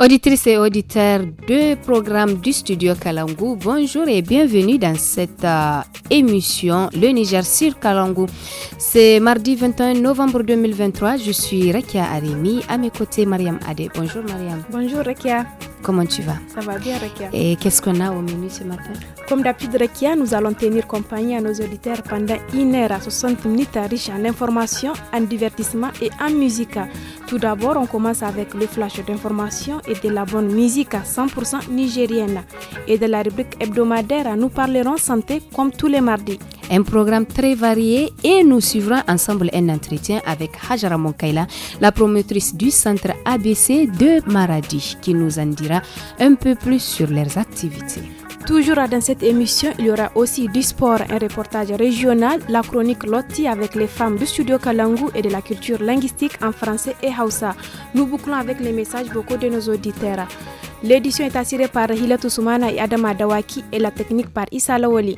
Auditrices et auditeurs de programme du studio Kalangu, bonjour et bienvenue dans cette euh, émission Le Niger sur Kalangu. C'est mardi 21 novembre 2023, je suis Rekia Arimi, à mes côtés Mariam Adé. Bonjour Mariam. Bonjour Rekia. Comment tu vas Ça va bien, Rekia. Et qu'est-ce qu'on a au menu ce matin Comme d'habitude, Rekia, nous allons tenir compagnie à nos auditeurs pendant une heure à 60 minutes riches en informations, en divertissement et en musique. Tout d'abord, on commence avec le flash d'informations et de la bonne musique à 100% nigérienne. Et de la rubrique hebdomadaire, nous parlerons santé comme tous les mardis. Un programme très varié et nous suivrons ensemble un entretien avec Hajara Monkaila, la promotrice du centre ABC de Maradi, qui nous en dira un peu plus sur leurs activités. Toujours dans cette émission, il y aura aussi du sport, un reportage régional, la chronique Lotti avec les femmes du studio Kalangu et de la culture linguistique en français et Hausa. Nous bouclons avec les messages beaucoup de nos auditeurs. L'édition est assurée par Hila Soumana et Adama Dawaki et la technique par Issa Lawali.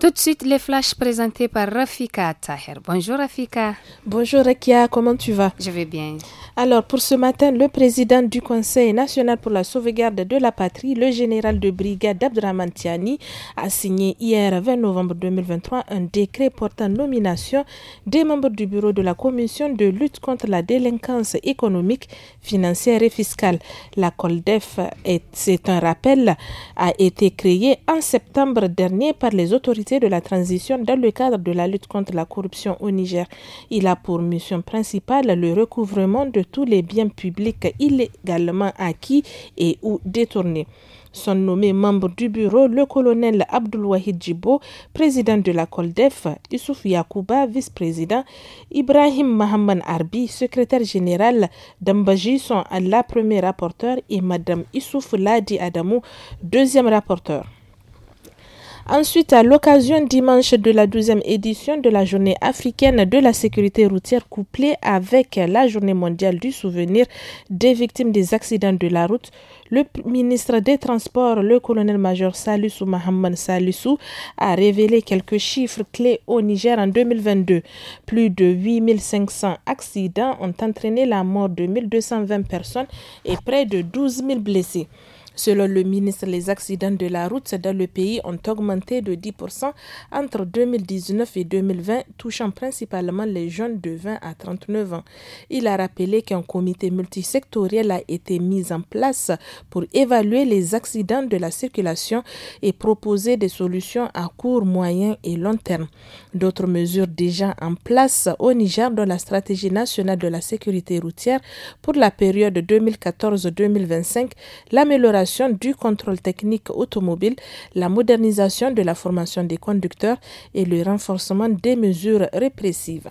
Tout de suite, les flashs présentés par Rafika Taher. Bonjour Rafika. Bonjour Rekia, comment tu vas Je vais bien. Alors, pour ce matin, le président du Conseil national pour la sauvegarde de la patrie, le général de brigade Abdramantiani, a signé hier 20 novembre 2023 un décret portant nomination des membres du bureau de la Commission de lutte contre la délinquance économique, financière et fiscale. La COLDEF, c'est un rappel, a été créé en septembre dernier par les autorités de la transition dans le cadre de la lutte contre la corruption au Niger. Il a pour mission principale le recouvrement de tous les biens publics illégalement acquis et ou détournés. Sont nommés membres du bureau le colonel Abdul Djibo, président de la COLDEF, Issouf Yakouba, vice-président, Ibrahim Mohamed Arbi, secrétaire général d'Ambaji, sont la première rapporteure et Madame Issouf Ladi Adamou, deuxième rapporteure. Ensuite, à l'occasion dimanche de la douzième édition de la journée africaine de la sécurité routière couplée avec la journée mondiale du souvenir des victimes des accidents de la route, le ministre des Transports, le colonel-major Salissou Mohamed Salissou, a révélé quelques chiffres clés au Niger en 2022. Plus de 8500 accidents ont entraîné la mort de 1220 personnes et près de 12 000 blessés. Selon le ministre, les accidents de la route dans le pays ont augmenté de 10% entre 2019 et 2020, touchant principalement les jeunes de 20 à 39 ans. Il a rappelé qu'un comité multisectoriel a été mis en place pour évaluer les accidents de la circulation et proposer des solutions à court, moyen et long terme. D'autres mesures déjà en place au Niger dans la stratégie nationale de la sécurité routière pour la période 2014-2025, l'amélioration du contrôle technique automobile, la modernisation de la formation des conducteurs et le renforcement des mesures répressives.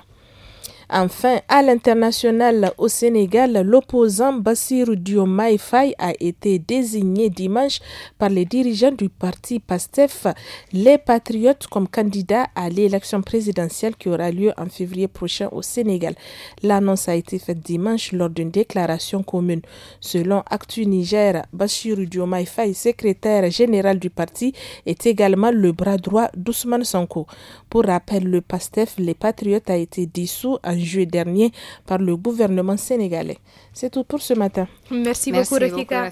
Enfin, à l'international au Sénégal, l'opposant Bassir Diomaye Faye a été désigné dimanche par les dirigeants du parti PASTEF, les Patriotes, comme candidat à l'élection présidentielle qui aura lieu en février prochain au Sénégal. L'annonce a été faite dimanche lors d'une déclaration commune. Selon Actu Niger, Bassir Diomaye Faye, secrétaire général du parti, est également le bras droit d'Ousmane Sonko. Pour rappel, le PASTEF, les Patriotes, a été dissous en en juillet dernier par le gouvernement sénégalais. C'est tout pour ce matin. Merci, beaucoup, Rafika.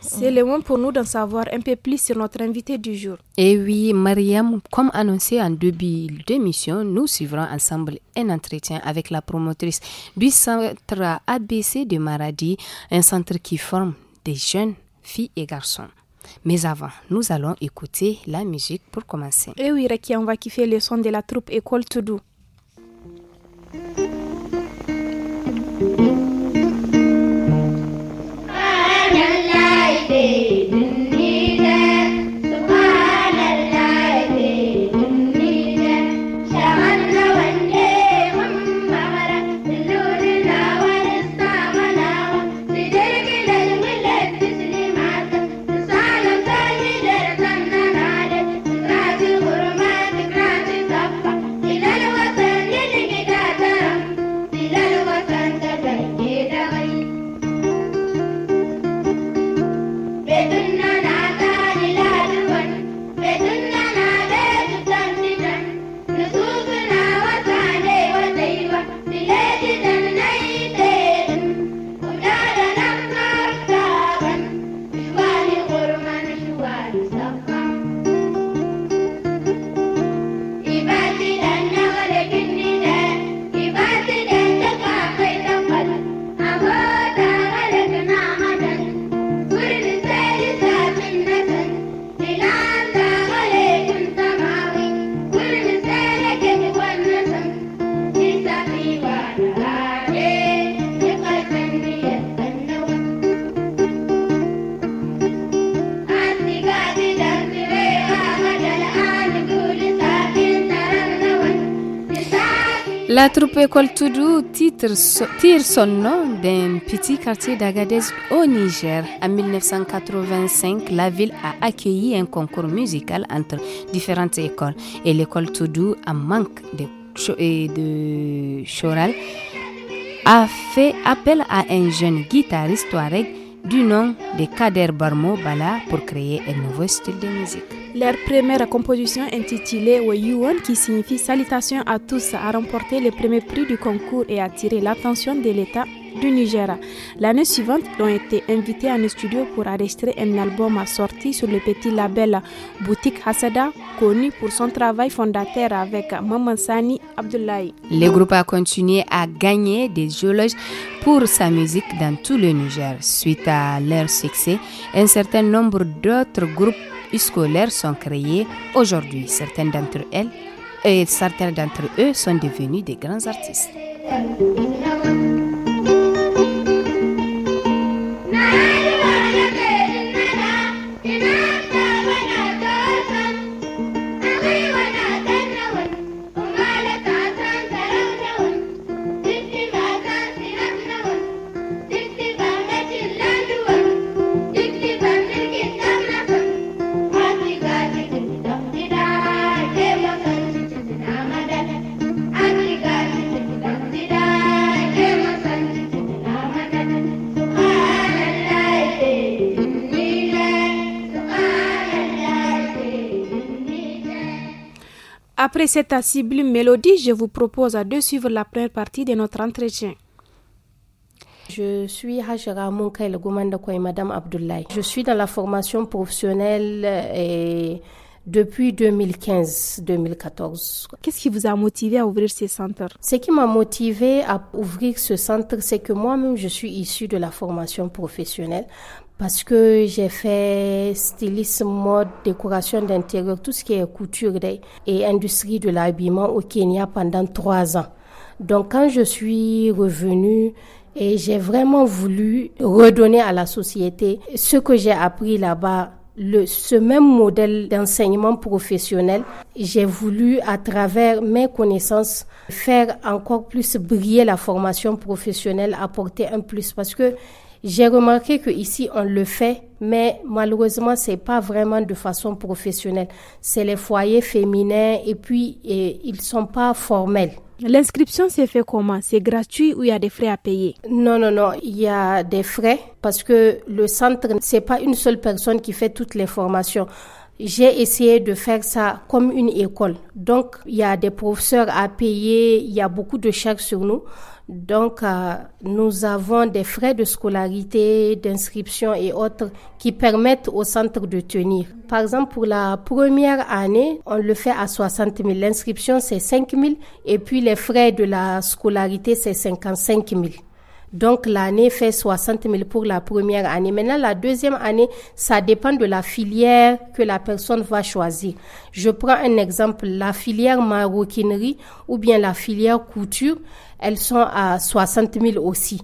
C'est le moment pour nous d'en savoir un peu plus sur notre invité du jour. Et eh oui, Mariam, comme annoncé en début d'émission, nous suivrons ensemble un entretien avec la promotrice du centre ABC de Maradi, un centre qui forme des jeunes filles et garçons. Mais avant, nous allons écouter la musique pour commencer. Et eh oui, Raki, on va kiffer le son de la troupe École Toudou. Bye. Mm-hmm. La troupe École Toudou tire son nom d'un petit quartier d'Agadez au Niger. En 1985, la ville a accueilli un concours musical entre différentes écoles et l'école Toudou, en manque de, de choral, a fait appel à un jeune guitariste touareg du nom de Kader Barmo Bala pour créer un nouveau style de musique. Leur première composition intitulée Wayuan, qui signifie Salutations à tous, a remporté le premier prix du concours et a attiré l'attention de l'État du Niger. L'année suivante, ils ont été invités à un studio pour enregistrer un album sorti sur le petit label Boutique Hassada, connu pour son travail fondateur avec Maman Sani Abdoulaye. Le groupe a continué à gagner des éloges pour sa musique dans tout le Niger. Suite à leur succès, un certain nombre d'autres groupes scolaires sont créés aujourd'hui. Certaines d'entre elles et certains d'entre eux sont devenus des grands artistes. Après cette sublime mélodie, je vous propose de suivre la première partie de notre entretien. Je suis Hajara Munkaï, le et Madame Abdoulaye. Je suis dans la formation professionnelle euh, depuis 2015-2014. Qu'est-ce qui vous a motivé à ouvrir ce centre Ce qui m'a motivé à ouvrir ce centre, c'est que moi-même, je suis issue de la formation professionnelle parce que j'ai fait stylisme, mode, décoration d'intérieur, tout ce qui est couture et industrie de l'habillement au Kenya pendant trois ans. Donc quand je suis revenue et j'ai vraiment voulu redonner à la société ce que j'ai appris là-bas, le, ce même modèle d'enseignement professionnel, j'ai voulu à travers mes connaissances faire encore plus briller la formation professionnelle, apporter un plus parce que j'ai remarqué que ici on le fait, mais malheureusement c'est pas vraiment de façon professionnelle. C'est les foyers féminins et puis et, ils sont pas formels. L'inscription s'est fait comment C'est gratuit ou il y a des frais à payer Non, non, non, il y a des frais parce que le centre c'est pas une seule personne qui fait toutes les formations. J'ai essayé de faire ça comme une école. Donc, il y a des professeurs à payer, il y a beaucoup de charges sur nous. Donc, euh, nous avons des frais de scolarité, d'inscription et autres qui permettent au centre de tenir. Par exemple, pour la première année, on le fait à 60 000. L'inscription, c'est 5 000. Et puis, les frais de la scolarité, c'est 55 000. Donc l'année fait 60 000 pour la première année. Maintenant, la deuxième année, ça dépend de la filière que la personne va choisir. Je prends un exemple, la filière maroquinerie ou bien la filière couture, elles sont à 60 000 aussi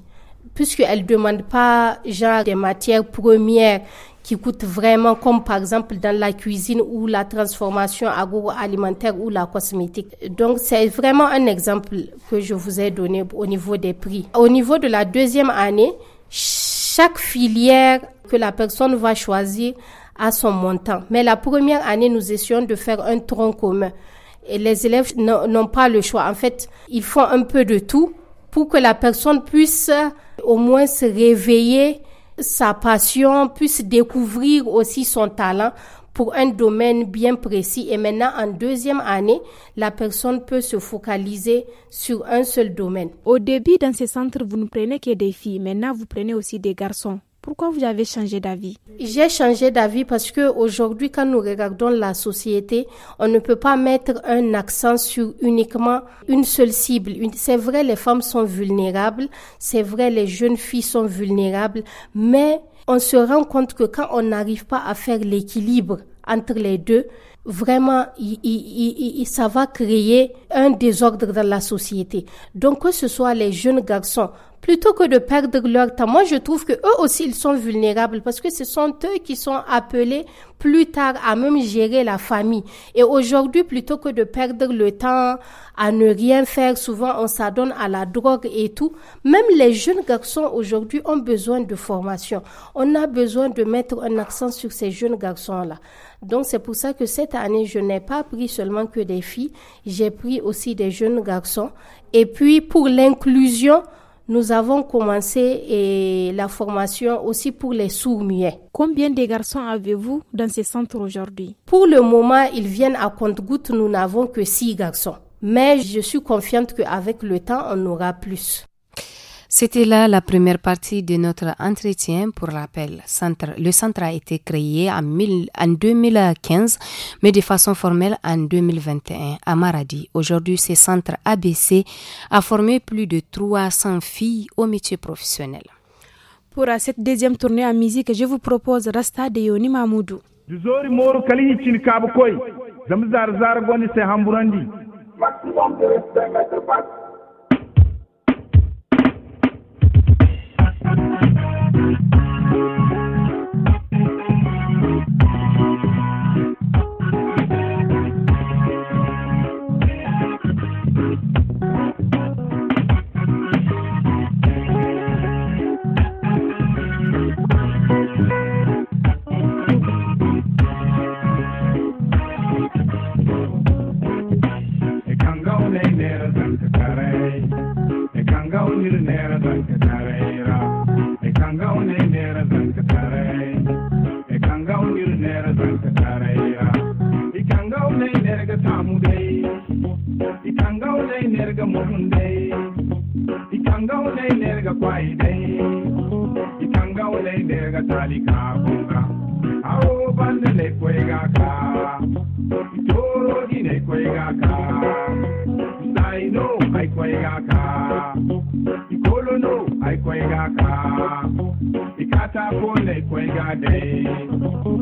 Puisqu'elles ne demandent pas genre des matières premières qui coûte vraiment, comme par exemple dans la cuisine ou la transformation agroalimentaire ou la cosmétique. Donc c'est vraiment un exemple que je vous ai donné au niveau des prix. Au niveau de la deuxième année, chaque filière que la personne va choisir a son montant. Mais la première année, nous essayons de faire un tronc commun. Et les élèves n'ont pas le choix. En fait, ils font un peu de tout pour que la personne puisse au moins se réveiller sa passion, puisse découvrir aussi son talent pour un domaine bien précis. Et maintenant, en deuxième année, la personne peut se focaliser sur un seul domaine. Au début, dans ce centres, vous ne prenez que des filles. Maintenant, vous prenez aussi des garçons. Pourquoi vous avez changé d'avis J'ai changé d'avis parce que aujourd'hui, quand nous regardons la société, on ne peut pas mettre un accent sur uniquement une seule cible. C'est vrai, les femmes sont vulnérables, c'est vrai, les jeunes filles sont vulnérables, mais on se rend compte que quand on n'arrive pas à faire l'équilibre entre les deux, vraiment, ça va créer un désordre dans la société. Donc, que ce soit les jeunes garçons, plutôt que de perdre leur temps, moi je trouve que eux aussi ils sont vulnérables parce que ce sont eux qui sont appelés plus tard à même gérer la famille. Et aujourd'hui, plutôt que de perdre le temps à ne rien faire, souvent on s'adonne à la drogue et tout. Même les jeunes garçons aujourd'hui ont besoin de formation. On a besoin de mettre un accent sur ces jeunes garçons-là. Donc c'est pour ça que cette année, je n'ai pas pris seulement que des filles, j'ai pris aussi des jeunes garçons. Et puis pour l'inclusion, nous avons commencé eh, la formation aussi pour les sourds-muets. Combien de garçons avez-vous dans ce centre aujourd'hui Pour le moment, ils viennent à compte-gouttes, nous n'avons que six garçons. Mais je suis confiante qu'avec le temps, on aura plus. C'était là la première partie de notre entretien. Pour rappel, le centre a été créé en, 2015, mais de façon formelle en 2021 à Maradi. Aujourd'hui, ce centre ABC a formé plus de 300 filles au métier professionnel. Pour euh, cette deuxième tournée en musique, je vous propose Rasta de Yoni Mahmoudou.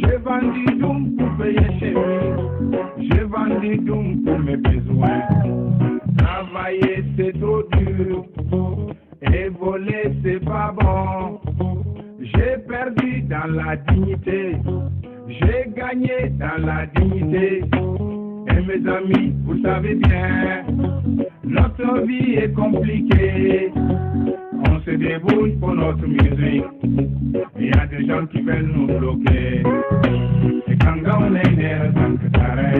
J'ai vendu donc pour payer chez lui. J'ai vendu donc pour mes besoins. Travailler c'est trop dur. Et voler c'est pas bon. J'ai perdu dans la dignité. J'ai gagné dans la dignité. Et mes amis, vous savez bien, notre vie est compliquée. On se débrouille pour notre musique. Il y a des gens qui veulent nous bloquer. Et quand on est nera tankatare.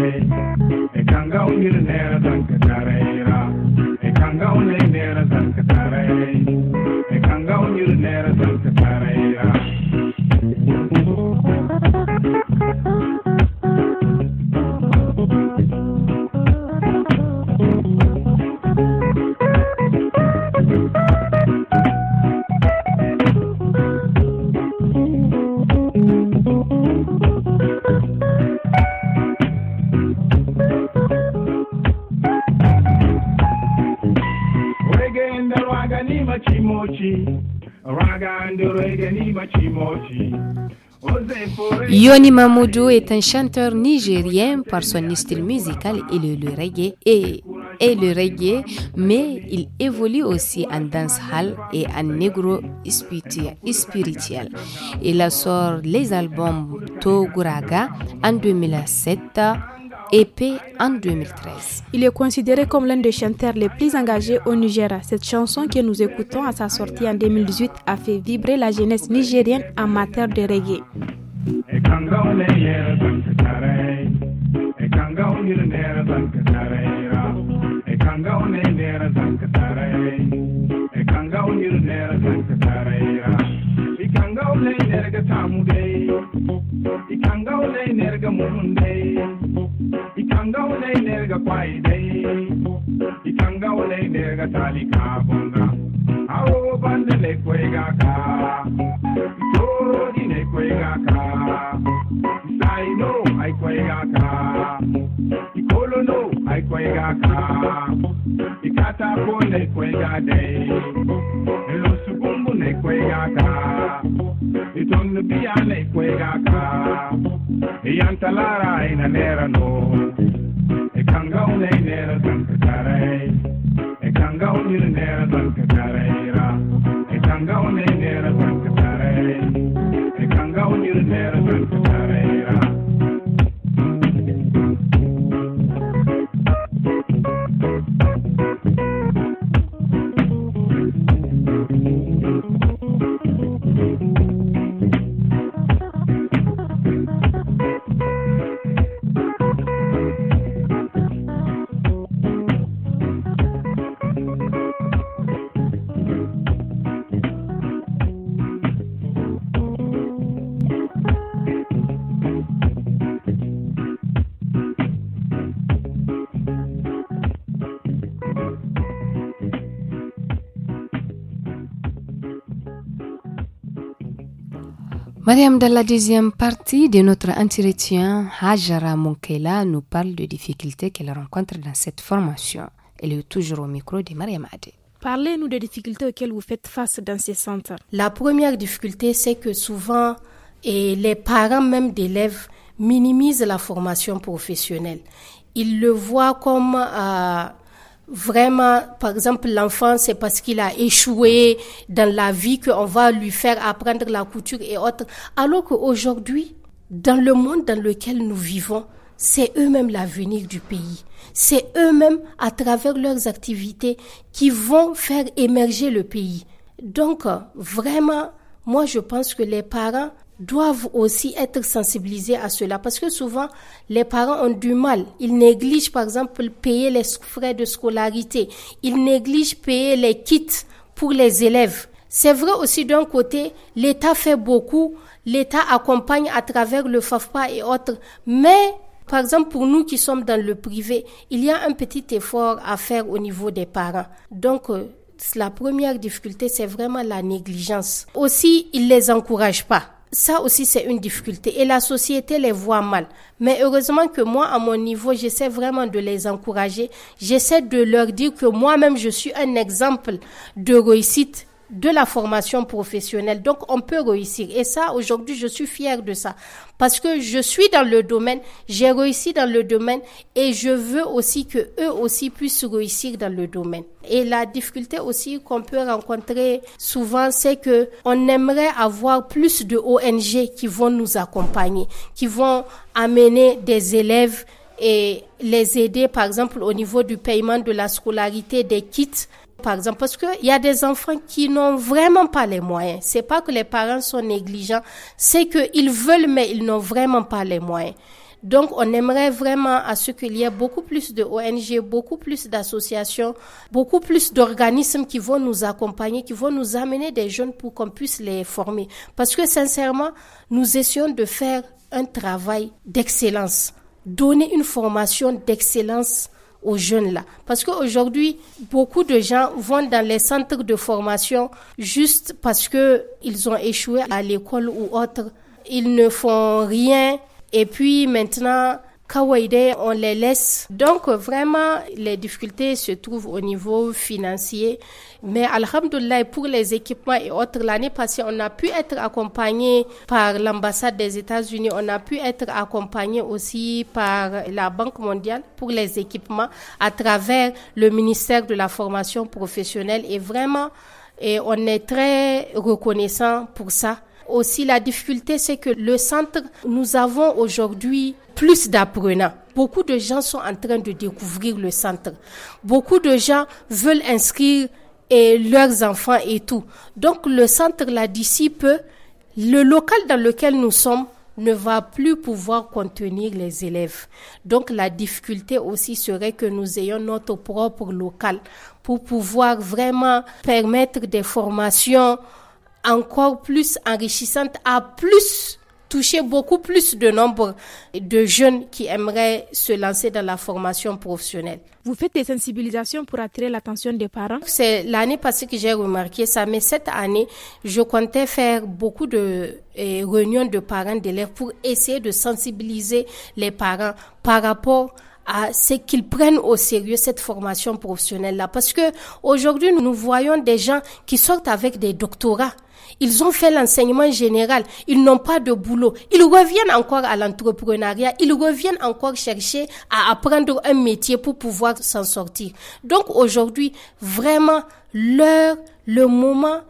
Et quand on est nera tankatare. Et quand on est nera tankatare. Et quand on est nera tankatare. Thank you. Yoni Mamoudou est un chanteur nigérien par son style musical et le, reggae et, le reggae, mais il évolue aussi en dancehall et en negro spirituel. Il a sort les albums Toguraga en 2007. EP en 2013. Il est considéré comme l'un des chanteurs les plus engagés au Niger. Cette chanson que nous écoutons à sa sortie en 2018 a fait vibrer la jeunesse nigérienne en matière de reggae. gaule nerga samude ikan gaule nerga munde ikan gaule nerga kwaide ikan gaule nerga talika bonga awo bande le kwega ka toro di ne kwega ka sai no ai kwega ka ikolo no ai kwega ka ikata bonde kwega dei kwegaka itondu biyane kwegaka iyantalara ina nerano ekanga une nera sankatare ekanga une nera sankatare ra ekanga une nera sankatare ekanga une nera sankatare Mariam, dans la deuxième partie de notre entretien, Hajara Monkela nous parle des difficultés qu'elle rencontre dans cette formation. Elle est toujours au micro de Mariam Adé. Parlez-nous des difficultés auxquelles vous faites face dans ces centres. La première difficulté, c'est que souvent, et les parents même d'élèves minimisent la formation professionnelle. Ils le voient comme euh, vraiment, par exemple, l'enfant, c'est parce qu'il a échoué dans la vie qu'on va lui faire apprendre la couture et autres. Alors qu'aujourd'hui, dans le monde dans lequel nous vivons, c'est eux-mêmes l'avenir du pays. C'est eux-mêmes, à travers leurs activités, qui vont faire émerger le pays. Donc, euh, vraiment, moi, je pense que les parents doivent aussi être sensibilisés à cela parce que souvent les parents ont du mal. Ils négligent par exemple payer les frais de scolarité, ils négligent payer les kits pour les élèves. C'est vrai aussi d'un côté, l'État fait beaucoup, l'État accompagne à travers le FAFPA et autres, mais par exemple, pour nous qui sommes dans le privé, il y a un petit effort à faire au niveau des parents. Donc, euh, la première difficulté, c'est vraiment la négligence. Aussi, ils ne les encouragent pas ça aussi, c'est une difficulté. Et la société les voit mal. Mais heureusement que moi, à mon niveau, j'essaie vraiment de les encourager. J'essaie de leur dire que moi-même, je suis un exemple de réussite de la formation professionnelle. Donc, on peut réussir. Et ça, aujourd'hui, je suis fière de ça. Parce que je suis dans le domaine, j'ai réussi dans le domaine et je veux aussi que eux aussi puissent réussir dans le domaine. Et la difficulté aussi qu'on peut rencontrer souvent, c'est que on aimerait avoir plus de ONG qui vont nous accompagner, qui vont amener des élèves et les aider, par exemple, au niveau du paiement de la scolarité des kits par exemple, parce qu'il y a des enfants qui n'ont vraiment pas les moyens. C'est pas que les parents sont négligents, c'est qu'ils veulent, mais ils n'ont vraiment pas les moyens. Donc, on aimerait vraiment à ce qu'il y ait beaucoup plus de ONG, beaucoup plus d'associations, beaucoup plus d'organismes qui vont nous accompagner, qui vont nous amener des jeunes pour qu'on puisse les former. Parce que sincèrement, nous essayons de faire un travail d'excellence, donner une formation d'excellence aux jeunes là. Parce qu'aujourd'hui, beaucoup de gens vont dans les centres de formation juste parce qu'ils ont échoué à l'école ou autre. Ils ne font rien et puis maintenant, Kawaïde, on les laisse. Donc vraiment, les difficultés se trouvent au niveau financier mais Alhamdulillah, pour les équipements et autres, l'année passée, on a pu être accompagné par l'ambassade des États-Unis, on a pu être accompagné aussi par la Banque mondiale pour les équipements à travers le ministère de la formation professionnelle. Et vraiment, et on est très reconnaissant pour ça. Aussi, la difficulté, c'est que le centre, nous avons aujourd'hui plus d'apprenants. Beaucoup de gens sont en train de découvrir le centre. Beaucoup de gens veulent inscrire et leurs enfants et tout. Donc le centre la d'ici le local dans lequel nous sommes ne va plus pouvoir contenir les élèves. Donc la difficulté aussi serait que nous ayons notre propre local pour pouvoir vraiment permettre des formations encore plus enrichissantes à plus toucher beaucoup plus de nombre de jeunes qui aimeraient se lancer dans la formation professionnelle. Vous faites des sensibilisations pour attirer l'attention des parents C'est l'année passée que j'ai remarqué ça, mais cette année, je comptais faire beaucoup de eh, réunions de parents d'élèves pour essayer de sensibiliser les parents par rapport à ce qu'ils prennent au sérieux cette formation professionnelle là parce que aujourd'hui nous voyons des gens qui sortent avec des doctorats ils ont fait l'enseignement général, ils n'ont pas de boulot. Ils reviennent encore à l'entrepreneuriat, ils reviennent encore chercher à apprendre un métier pour pouvoir s'en sortir. Donc aujourd'hui, vraiment, l'heure, le moment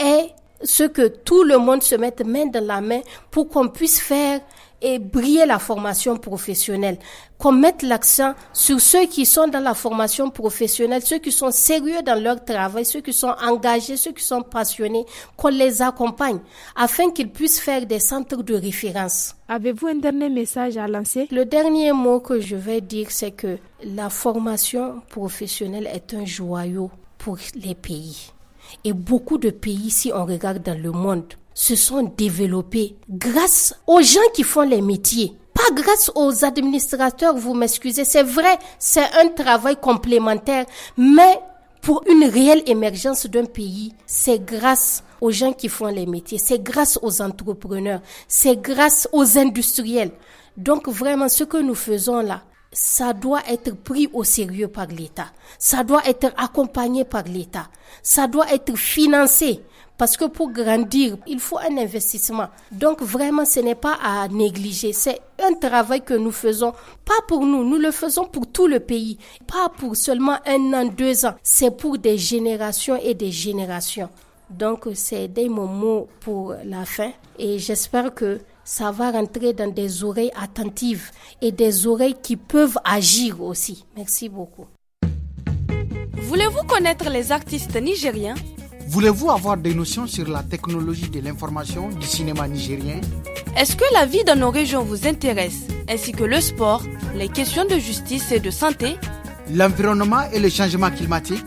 est ce que tout le monde se mette main dans la main pour qu'on puisse faire et briller la formation professionnelle, qu'on mette l'accent sur ceux qui sont dans la formation professionnelle, ceux qui sont sérieux dans leur travail, ceux qui sont engagés, ceux qui sont passionnés, qu'on les accompagne afin qu'ils puissent faire des centres de référence. Avez-vous un dernier message à lancer Le dernier mot que je vais dire, c'est que la formation professionnelle est un joyau pour les pays et beaucoup de pays, si on regarde dans le monde, se sont développés grâce aux gens qui font les métiers. Pas grâce aux administrateurs, vous m'excusez, c'est vrai, c'est un travail complémentaire, mais pour une réelle émergence d'un pays, c'est grâce aux gens qui font les métiers, c'est grâce aux entrepreneurs, c'est grâce aux industriels. Donc vraiment, ce que nous faisons là, ça doit être pris au sérieux par l'État. Ça doit être accompagné par l'État. Ça doit être financé. Parce que pour grandir, il faut un investissement. Donc vraiment, ce n'est pas à négliger. C'est un travail que nous faisons, pas pour nous, nous le faisons pour tout le pays. Pas pour seulement un an, deux ans. C'est pour des générations et des générations. Donc c'est des moments pour la fin. Et j'espère que ça va rentrer dans des oreilles attentives et des oreilles qui peuvent agir aussi. Merci beaucoup. Voulez-vous connaître les artistes nigériens Voulez-vous avoir des notions sur la technologie de l'information du cinéma nigérien Est-ce que la vie dans nos régions vous intéresse, ainsi que le sport, les questions de justice et de santé L'environnement et le changement climatique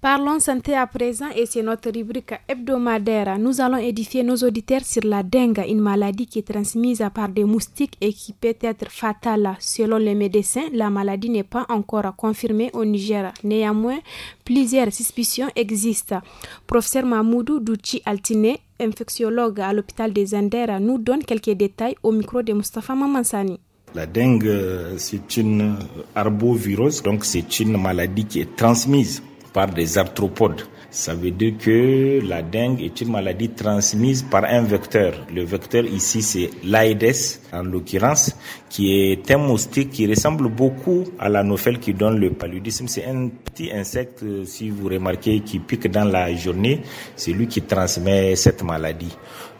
Parlons santé à présent et c'est notre rubrique hebdomadaire. Nous allons édifier nos auditeurs sur la dengue, une maladie qui est transmise par des moustiques et qui peut être fatale. Selon les médecins, la maladie n'est pas encore confirmée au Niger. Néanmoins, plusieurs suspicions existent. Professeur Mahmoudou Douchi Altine, infectiologue à l'hôpital des Zandera, nous donne quelques détails au micro de Mustafa Mamansani. La dengue, c'est une arbovirose, donc c'est une maladie qui est transmise par des arthropodes. Ça veut dire que la dengue est une maladie transmise par un vecteur. Le vecteur ici, c'est l'Aedes, en l'occurrence, qui est un moustique qui ressemble beaucoup à la nofelle qui donne le paludisme. C'est un petit insecte, si vous remarquez, qui pique dans la journée. C'est lui qui transmet cette maladie.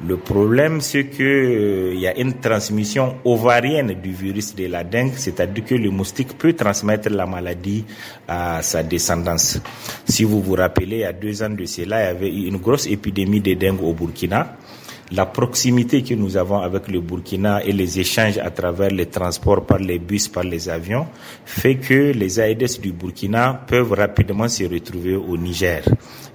Le problème, c'est qu'il euh, il y a une transmission ovarienne du virus de la dengue, c'est-à-dire que le moustique peut transmettre la maladie à sa descendance. Si vous vous rappelez, il y a deux ans de cela, il y avait eu une grosse épidémie de dengue au Burkina la proximité que nous avons avec le Burkina et les échanges à travers les transports par les bus, par les avions, fait que les Aedes du Burkina peuvent rapidement se retrouver au Niger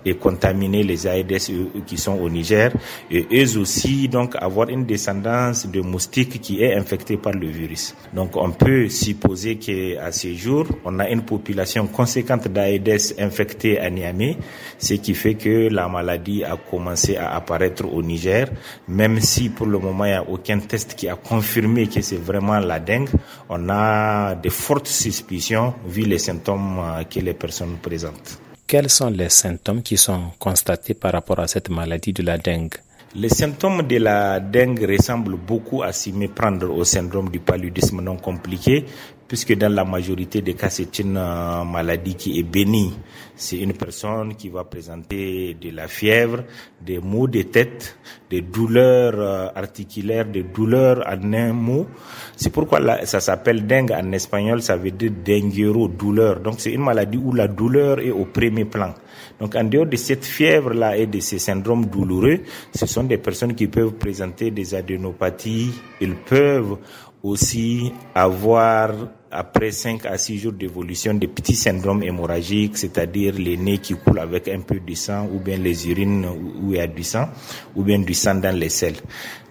et contaminer les Aedes qui sont au Niger et eux aussi donc avoir une descendance de moustiques qui est infectée par le virus. Donc on peut supposer que à ce jour, on a une population conséquente d'Aedes infectée à Niamey, ce qui fait que la maladie a commencé à apparaître au Niger même si pour le moment il n'y a aucun test qui a confirmé que c'est vraiment la dengue, on a de fortes suspicions vu les symptômes euh, que les personnes présentent. Quels sont les symptômes qui sont constatés par rapport à cette maladie de la dengue les symptômes de la dengue ressemblent beaucoup à s'y méprendre au syndrome du paludisme non compliqué, puisque dans la majorité des cas, c'est une euh, maladie qui est bénie. C'est une personne qui va présenter de la fièvre, des maux de tête, des douleurs euh, articulaires, des douleurs en un mot. C'est pourquoi ça s'appelle dengue en espagnol, ça veut dire denguero, douleur. Donc c'est une maladie où la douleur est au premier plan. Donc en dehors de cette fièvre-là et de ces syndromes douloureux, ce sont des personnes qui peuvent présenter des adénopathies, ils peuvent aussi avoir après 5 à 6 jours d'évolution des petits syndromes hémorragiques, c'est-à-dire les nez qui coulent avec un peu de sang ou bien les urines où il y a du sang ou bien du sang dans les selles.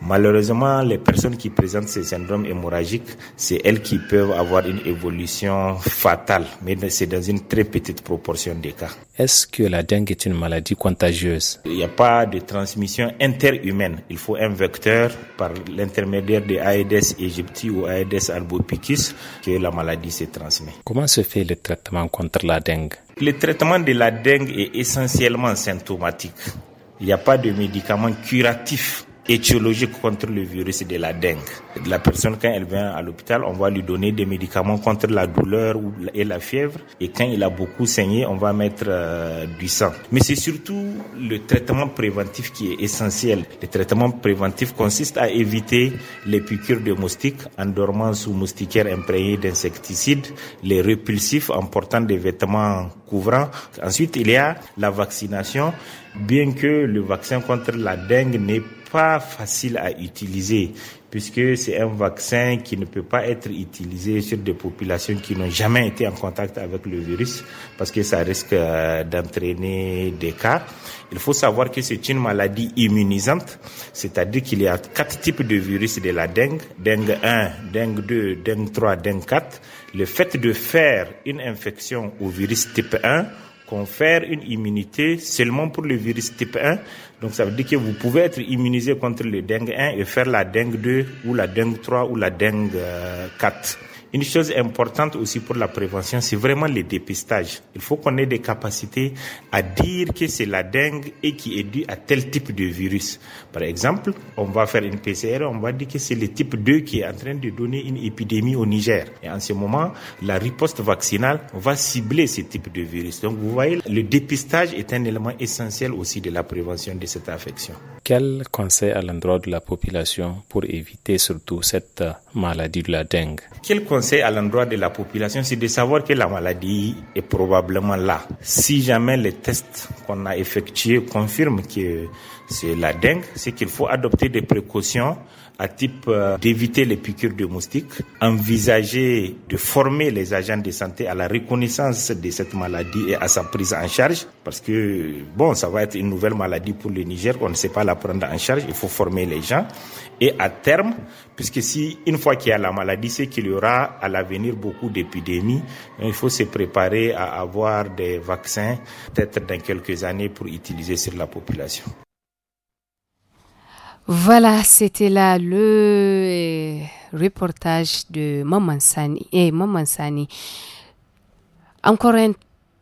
Malheureusement, les personnes qui présentent ces syndromes hémorragiques, c'est elles qui peuvent avoir une évolution fatale, mais c'est dans une très petite proportion des cas. Est-ce que la dengue est une maladie contagieuse Il n'y a pas de transmission interhumaine. Il faut un vecteur par l'intermédiaire de Aedes aegypti ou Aedes albopicus que la maladie se transmet. Comment se fait le traitement contre la dengue Le traitement de la dengue est essentiellement symptomatique. Il n'y a pas de médicament curatif étiologique contre le virus de la dengue. La personne, quand elle vient à l'hôpital, on va lui donner des médicaments contre la douleur et la fièvre. Et quand il a beaucoup saigné, on va mettre euh, du sang. Mais c'est surtout le traitement préventif qui est essentiel. Le traitement préventif consiste à éviter les piqûres de moustiques en dormant sous moustiquaires imprégnés d'insecticides, les répulsifs en portant des vêtements couvrants. Ensuite, il y a la vaccination. Bien que le vaccin contre la dengue n'est pas facile à utiliser puisque c'est un vaccin qui ne peut pas être utilisé sur des populations qui n'ont jamais été en contact avec le virus, parce que ça risque euh, d'entraîner des cas. Il faut savoir que c'est une maladie immunisante, c'est-à-dire qu'il y a quatre types de virus de la dengue, dengue 1, dengue 2, dengue 3, dengue 4. Le fait de faire une infection au virus type 1 confère une immunité seulement pour le virus type 1, donc ça veut dire que vous pouvez être immunisé contre le dengue 1 et faire la dengue 2 ou la dengue 3 ou la dengue 4. Euh, une chose importante aussi pour la prévention, c'est vraiment le dépistage. Il faut qu'on ait des capacités à dire que c'est la dengue et qui est due à tel type de virus. Par exemple, on va faire une PCR, on va dire que c'est le type 2 qui est en train de donner une épidémie au Niger. Et en ce moment, la riposte vaccinale va cibler ce type de virus. Donc vous voyez, le dépistage est un élément essentiel aussi de la prévention de cette infection. Quel conseil à l'endroit de la population pour éviter surtout cette maladie de la dengue c'est à l'endroit de la population, c'est de savoir que la maladie est probablement là. Si jamais les tests qu'on a effectués confirment que c'est la dengue, c'est qu'il faut adopter des précautions à type euh, d'éviter les piqûres de moustiques, envisager de former les agents de santé à la reconnaissance de cette maladie et à sa prise en charge, parce que bon, ça va être une nouvelle maladie pour le Niger, on ne sait pas la prendre en charge, il faut former les gens. Et à terme, puisque si une fois qu'il y a la maladie, c'est qu'il y aura à l'avenir beaucoup d'épidémies, il faut se préparer à avoir des vaccins, peut-être dans quelques années, pour utiliser sur la population. Voilà, c'était là le eh, reportage de Mamansani Sani. Et eh, Encore un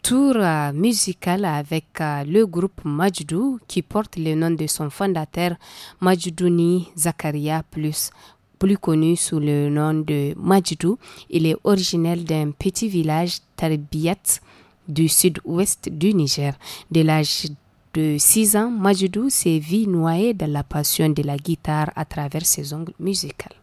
tour euh, musical avec euh, le groupe Majdou qui porte le nom de son fondateur Majdouni Zakaria Plus plus connu sous le nom de Majdou. Il est originaire d'un petit village Tarbiat du sud-ouest du Niger. De l'âge de 6 ans, Majidou s'est vu noyé dans la passion de la guitare à travers ses ongles musicales.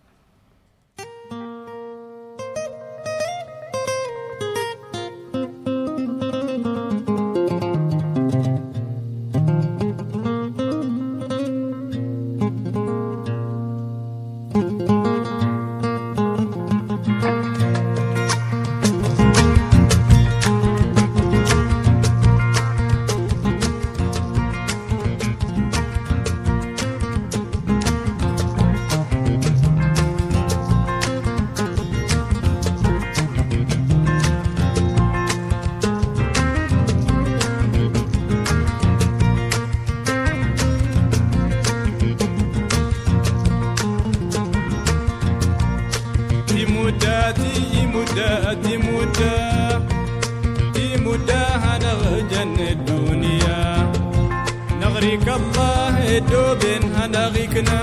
غيكنا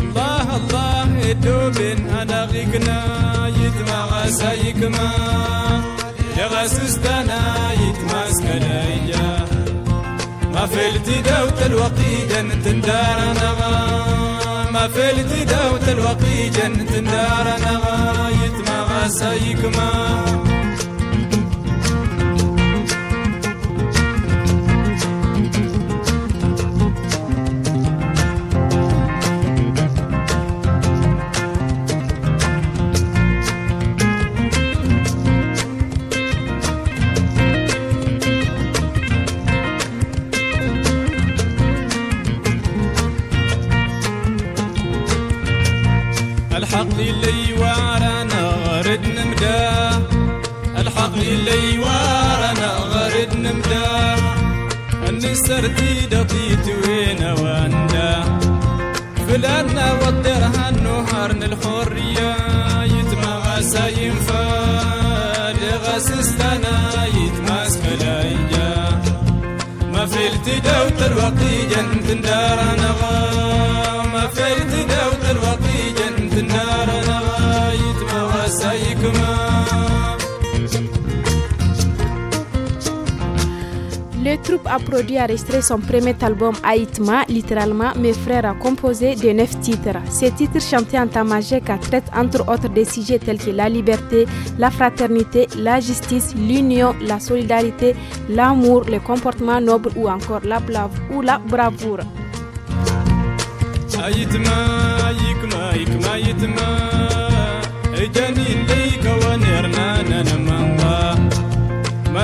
الله الله الدوبن انا غيكنا يتما غاسا ما يا غاسستانا يتما سكنايا ما فلتي دوت الوقيدا تندار نغا ما فلتي دوت الوقيدا تندار نغا يتما غاسا ما سرتي دطيت وين واندا فلانا والدرهن نهرن الحرية يتما غسا ينفاد غسستنا يتماس فلايا ما في التدوت الوقت جنت دارن troupe a produit et enregistré son premier album Aïtma, littéralement Mes frères a composé de neuf titres. Ces titres chantés en à traitent entre autres des sujets tels que la liberté, la fraternité, la justice, l'union, la solidarité, l'amour, le comportement noble ou encore la, blave, ou la bravoure.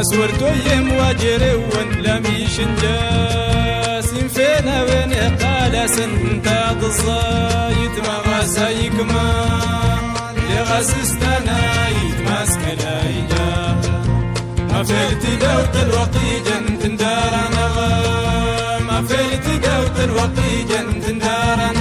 اسورتو يمواجرون لميشن جاسين فينا وين قال سنتا تصايد ما غسايك ما لغسستنا يتماسك لايدا ما فلت دوت الوقي جنت دارنا ما فلت دوت الوقي جنت دارنا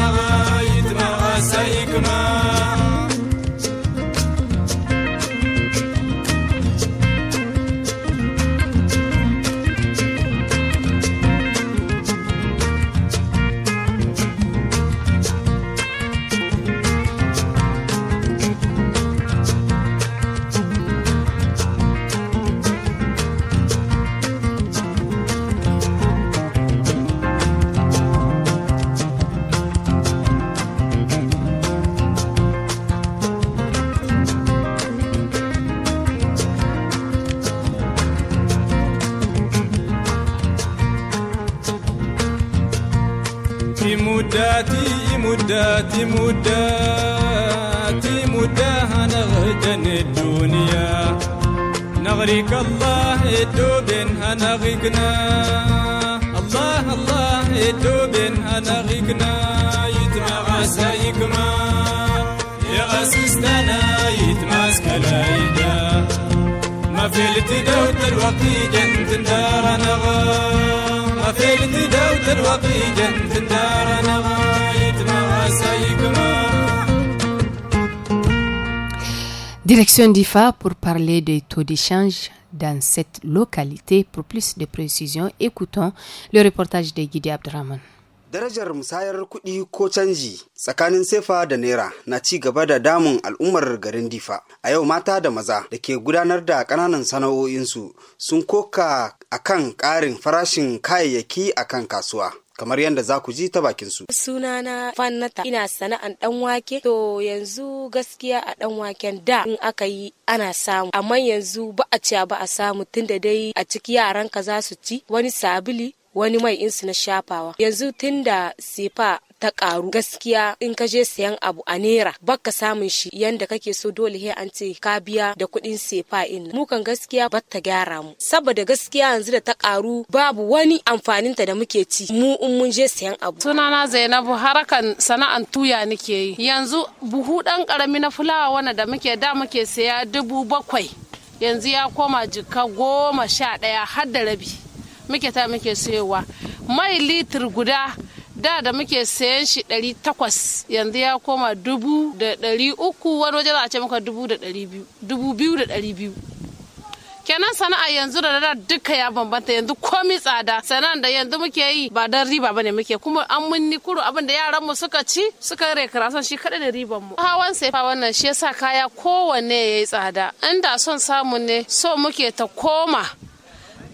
مدة تي مدة هنغهدن الدنيا نغريك الله يتوبن هنغيقنا الله الله يتوبن هنغيقنا يتمغسى يقما يغسستنا يتماسك العيدة ما في التدوت الوقي جنت دار نغا ما في التدوت الوقي جنت دار نغا Direction d'IFA pour parler des taux d'échange dans cette localité. Pour plus de précisions, écoutons le reportage de Guidi Abdraman. Darajar musayar kuɗi ko canji tsakanin sefa da naira na ci gaba da damun al'ummar garin Difa. A yau mata da maza da ke gudanar da ƙananan sana'o'insu sun koka akan ƙarin farashin kayayyaki akan kasuwa. kamar yadda za ku ji ta bakin su. Sunana Fannata ina sana'an dan wake to yanzu gaskiya a dan waken da in aka yi ana samu amma yanzu ba a ciya ba a samu tunda dai a ciki yaran ka za su ci wani sabili wani mai insu na shafawa yanzu tunda sifa ta karu gaskiya in ka je sayan abu a naira baka samun shi yanda kake so dole he an ce ka biya da kuɗin sefa in mu kan gaskiya ba ta gyara mu saboda gaskiya yanzu da ta karu babu wani amfanin ta da muke ci mu in mun je sayan abu sunana Zainabu harakan sana'an tuya nake yi yanzu buhu dan karami na fulawa wanda da muke da muke saya dubu bakwai yanzu ya koma jika goma sha ɗaya har da rabi muke ta muke sayowa mai litir guda da da muke sayan shi ɗari takwas yanzu ya koma dubu da wani waje za a ce muka dubu biyu da ɗari biyu kenan sana'a yanzu da da duka ya bambanta yanzu komi tsada Sana'a da yanzu muke yi ba dan riba bane muke kuma an munni kuro abin da yaran mu suka ci suka karasan shi kada da riban mu hawan sai fa wannan shi yasa kaya kowanne yayi tsada inda son samu ne so muke ta koma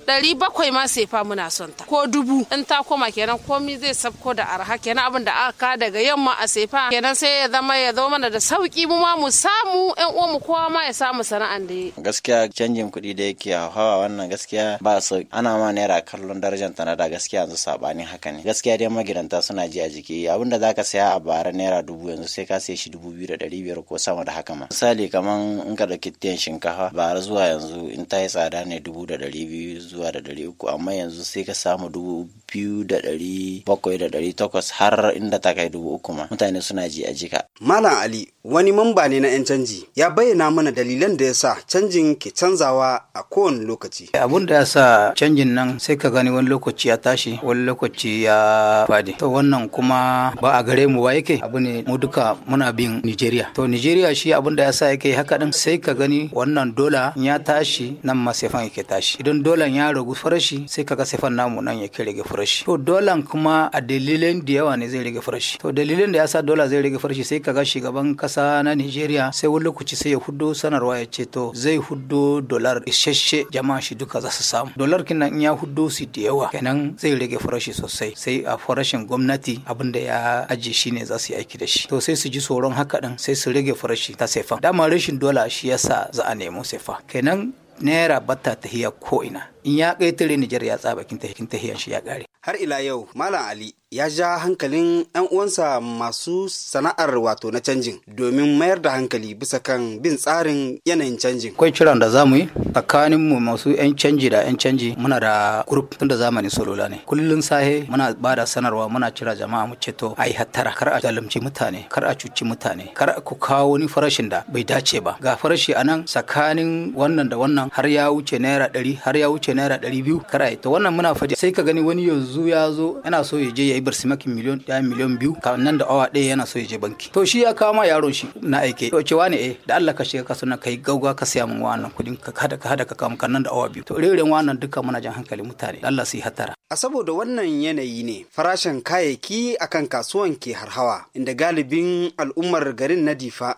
ɗari bakwai ma sefa muna son ta ko dubu in ta koma kenan komi zai sabko da arha kenan abin da aka daga yamma a sefa kenan sai ya zama ya zo mana da sauki mu ma mu samu yan uwan mu kowa ma ya samu sana'an da yi gaskiya canjin kuɗi da yake hawa wannan gaskiya ba sauki ana ma naira kallon darajar ta na da gaskiya yanzu sabani haka ne gaskiya dai magidanta suna ji a jiki abin da zaka saya a bara naira dubu yanzu sai ka sai shi dubu biyu da ɗari biyar ko sama da haka ma misali kaman in ka ɗauki tiyan shinkafa bara zuwa yanzu in ta yi tsada ne dubu da ɗari biyu zuwa da ɗari uku amma yanzu sai ka samu dubu biyu da ɗari bakwai da ɗari takwas har inda ta kai dubu uku ma mutane suna ji a jika. Malam Ali wani mamba ne na 'yan canji ya bayyana mana dalilan da ya sa canjin ke canzawa a kowane lokaci. Abun da ya sa canjin nan sai ka gani wani lokaci ya tashi wani lokaci ya fadi. To wannan kuma ba a gare mu ba yake abu ne mu duka muna bin Nigeria. To Nigeria shi abun da ya sa yake haka din sai ka gani wannan dola ya tashi nan ma sai yake tashi. Idan dolan ya ya ragu farashi sai kaga sifan namu nan yake rage farashi to dolan kuma a dalilin da yawa ne zai rage farashi to dalilin da ya sa dola zai rage farashi sai kaga shugaban kasa na Nigeria sai wani lokaci sai ya huddo sanarwa ya ce to zai huddo dolar isasshe jama'a shi duka za su samu dolar kinan in ya huddo su da yawa kenan zai rage farashi sosai sai a farashin gwamnati abin da ya aje shi ne za su yi aiki da shi to sai su ji tsoron haka din sai su rage farashi ta sefa dama rashin dola shi yasa za a nemo sefa kenan naira bata tahiya ko ina in ya ƙetare Nijar ya tsaba kin tahiyar shi ya ƙare. Har ila yau Malam Ali ya ja hankalin 'yan uwansa masu sana'ar wato na canjin domin mayar da hankali bisa kan bin tsarin yanayin canjin. Kwai kiran da za mu yi tsakanin mu masu 'yan canji da 'yan canji muna da grup tun da zamani solola ne. Kullum sahe muna ba da sanarwa muna kira jama'a mu ceto a yi hattara kar a zalunci mutane kar a cuci mutane kar ku kawo wani farashin da bai dace ba. Ga farashi a nan tsakanin wannan da wannan har ya wuce naira ɗari har ya wuce wuce naira ɗari biyu kara ita wannan muna faɗi sai ka gani wani yanzu ya zo yana so ya je ya yi barsimakin miliyon ɗaya miliyon biyu kafin nan da awa ɗaya yana so ya je banki to shi ya kama yaron shi na aike to cewa ne eh da Allah ka shiga ka suna kai gauga ka siya min wannan kuɗin ka hada ka hada ka kama kan nan da awa biyu to irin wannan duka muna jan hankali mutane Allah su yi hatara a saboda wannan yanayi ne farashin kayayyaki akan kasuwan ke harhawa inda galibin al'ummar garin na difa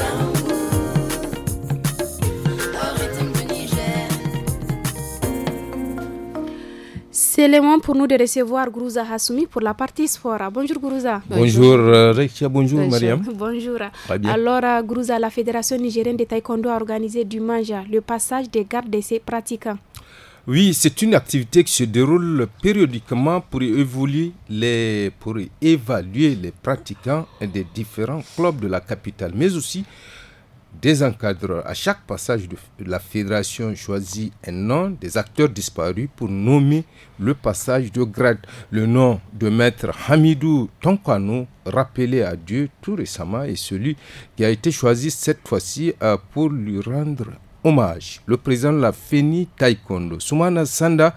C'est le moment pour nous de recevoir Grouza Hassoumi pour la partie sport. Bonjour Grouza. Bonjour euh, Rekia, bonjour, Mariam. Bonjour. Alors euh, Grouza, la Fédération nigérienne de taekwondo a organisé du manja, le passage des gardes de ses pratiquants. Oui, c'est une activité qui se déroule périodiquement pour évoluer les, pour évaluer les pratiquants des différents clubs de la capitale, mais aussi des encadreurs. À chaque passage de la fédération choisit un nom des acteurs disparus pour nommer le passage de grade. Le nom de maître Hamidou Tonkano, rappelé à Dieu tout récemment, et celui qui a été choisi cette fois-ci euh, pour lui rendre hommage. Le président de la FENI Taekwondo, Soumana Sanda,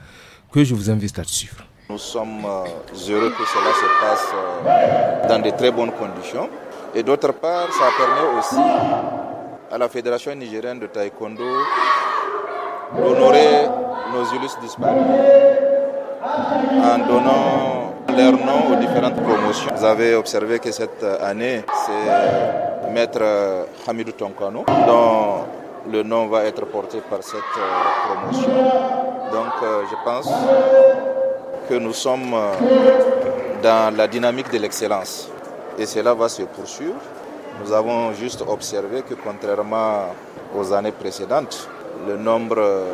que je vous invite à suivre. Nous sommes euh, heureux que cela se passe euh, dans de très bonnes conditions. Et d'autre part, ça permet aussi à la Fédération nigérienne de taekwondo d'honorer nos illustres disparus en donnant leur nom aux différentes promotions. Vous avez observé que cette année, c'est Maître Hamidou Tonkano, dont le nom va être porté par cette promotion. Donc euh, je pense que nous sommes euh, dans la dynamique de l'excellence et cela va se poursuivre. Nous avons juste observé que contrairement aux années précédentes, le nombre, euh,